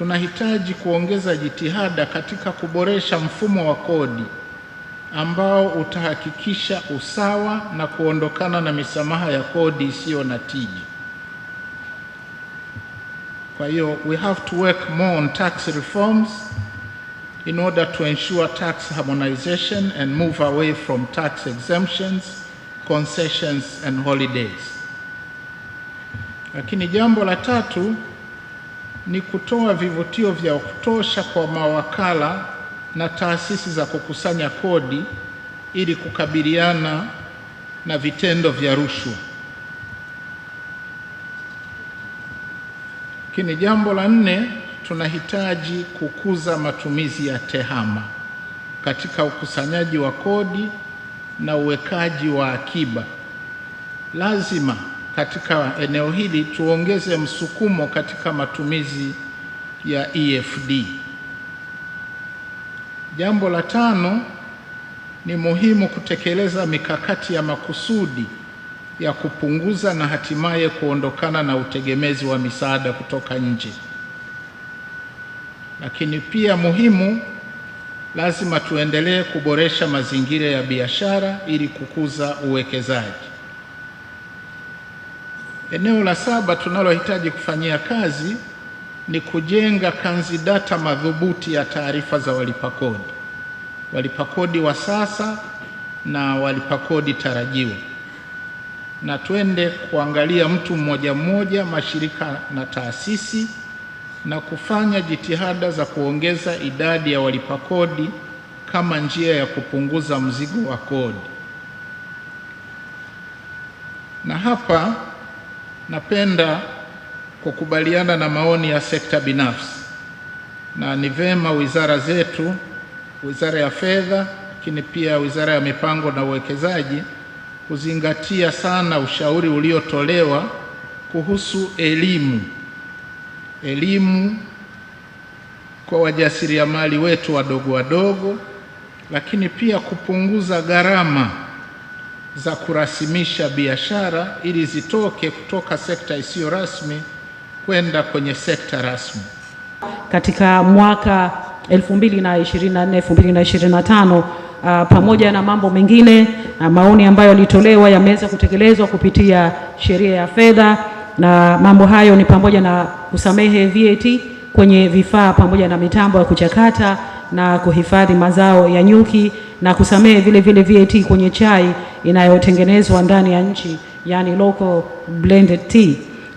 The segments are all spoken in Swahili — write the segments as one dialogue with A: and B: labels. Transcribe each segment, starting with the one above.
A: tunahitaji kuongeza jitihada katika kuboresha mfumo wa kodi ambao utahakikisha usawa na kuondokana na misamaha ya kodi isiyo na tija.
B: Kwa hiyo we have to work more on tax reforms in order to ensure tax harmonization and move away from tax exemptions, concessions and holidays.
A: Lakini jambo la tatu ni kutoa vivutio vya kutosha kwa mawakala na taasisi za kukusanya kodi ili kukabiliana na vitendo vya rushwa. Lakini jambo la nne, tunahitaji kukuza matumizi ya tehama katika ukusanyaji wa kodi na uwekaji wa akiba. Lazima katika eneo hili tuongeze msukumo katika matumizi ya EFD. Jambo la tano, ni muhimu kutekeleza mikakati ya makusudi ya kupunguza na hatimaye kuondokana na utegemezi wa misaada kutoka nje. Lakini pia muhimu, lazima tuendelee kuboresha mazingira ya biashara ili kukuza uwekezaji. Eneo la saba tunalohitaji kufanyia kazi ni kujenga kanzidata madhubuti ya taarifa za walipa kodi, walipa kodi wa sasa na walipa kodi tarajiwa, na twende kuangalia mtu mmoja mmoja, mashirika na taasisi, na kufanya jitihada za kuongeza idadi ya walipa kodi kama njia ya kupunguza mzigo wa kodi na hapa Napenda kukubaliana na maoni ya sekta binafsi na ni vema wizara zetu, Wizara ya Fedha, lakini pia Wizara ya Mipango na Uwekezaji kuzingatia sana ushauri uliotolewa kuhusu elimu, elimu kwa wajasiriamali wetu wadogo wadogo, lakini pia kupunguza gharama za kurasimisha biashara ili zitoke kutoka sekta isiyo rasmi kwenda kwenye sekta rasmi.
C: Katika mwaka 2024 2025, uh, pamoja na mambo mengine uh, maoni ambayo yalitolewa yameweza kutekelezwa kupitia sheria ya fedha, na mambo hayo ni pamoja na kusamehe VAT kwenye vifaa pamoja na mitambo ya kuchakata na kuhifadhi mazao ya nyuki na kusamehe vile vile VAT kwenye chai inayotengenezwa ndani ya nchi, yani local blended tea.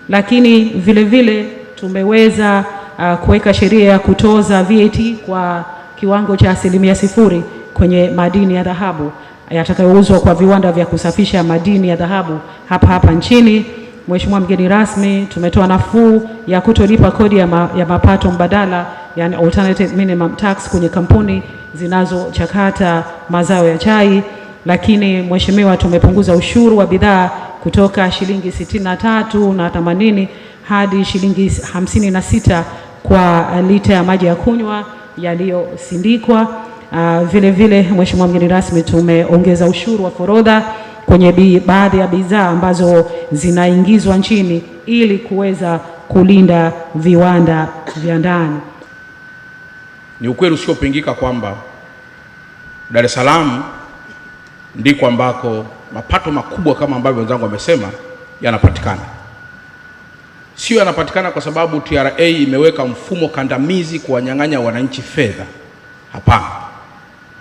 C: Lakini vile vile tumeweza uh, kuweka sheria ya kutoza VAT kwa kiwango cha asilimia sifuri kwenye madini ya dhahabu yatakayouzwa kwa viwanda vya kusafisha madini ya dhahabu hapa hapa nchini. Mheshimiwa mgeni rasmi, tumetoa nafuu ya kutolipa kodi ya, ma, ya mapato mbadala yani alternative minimum tax kwenye kampuni zinazochakata mazao ya chai. Lakini mheshimiwa, tumepunguza ushuru wa bidhaa kutoka shilingi 63 na 80 na themanini hadi shilingi hamsini na sita kwa lita ya maji ya kunywa yaliyosindikwa. Ah, vile mheshimiwa mgeni rasmi, tumeongeza ushuru wa forodha kwenye baadhi ya bidhaa ambazo zinaingizwa nchini ili kuweza kulinda viwanda vya ndani.
D: Ni ukweli usiopingika kwamba Dar es Salaam ndiko ambako mapato makubwa kama ambavyo wenzangu wamesema yanapatikana. Sio yanapatikana kwa sababu TRA imeweka mfumo kandamizi kuwanyang'anya wananchi fedha, hapana,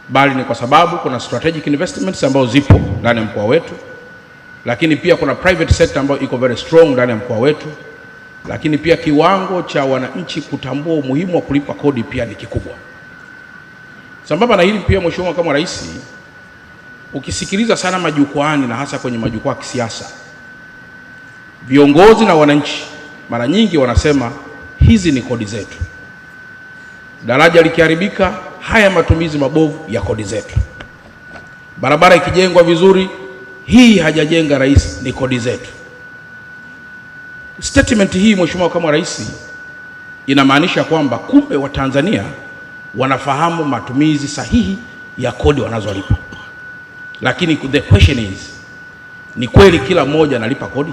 D: bali ni kwa sababu kuna strategic investments ambazo zipo ndani ya mkoa wetu, lakini pia kuna private sector ambayo iko very strong ndani ya mkoa wetu lakini pia kiwango cha wananchi kutambua umuhimu wa kulipa kodi pia ni kikubwa. Sambamba na hili pia, Mheshimiwa Makamu wa Rais, ukisikiliza sana majukwaani na hasa kwenye majukwaa ya kisiasa, viongozi na wananchi mara nyingi wanasema hizi ni kodi zetu, daraja likiharibika, haya matumizi mabovu ya kodi zetu, barabara ikijengwa vizuri, hii hajajenga rais, ni kodi zetu. Statement hii Mheshimiwa Makamu wa Rais inamaanisha kwamba kumbe Watanzania wanafahamu matumizi sahihi ya kodi wanazolipa, lakini the question is, ni kweli kila mmoja analipa kodi?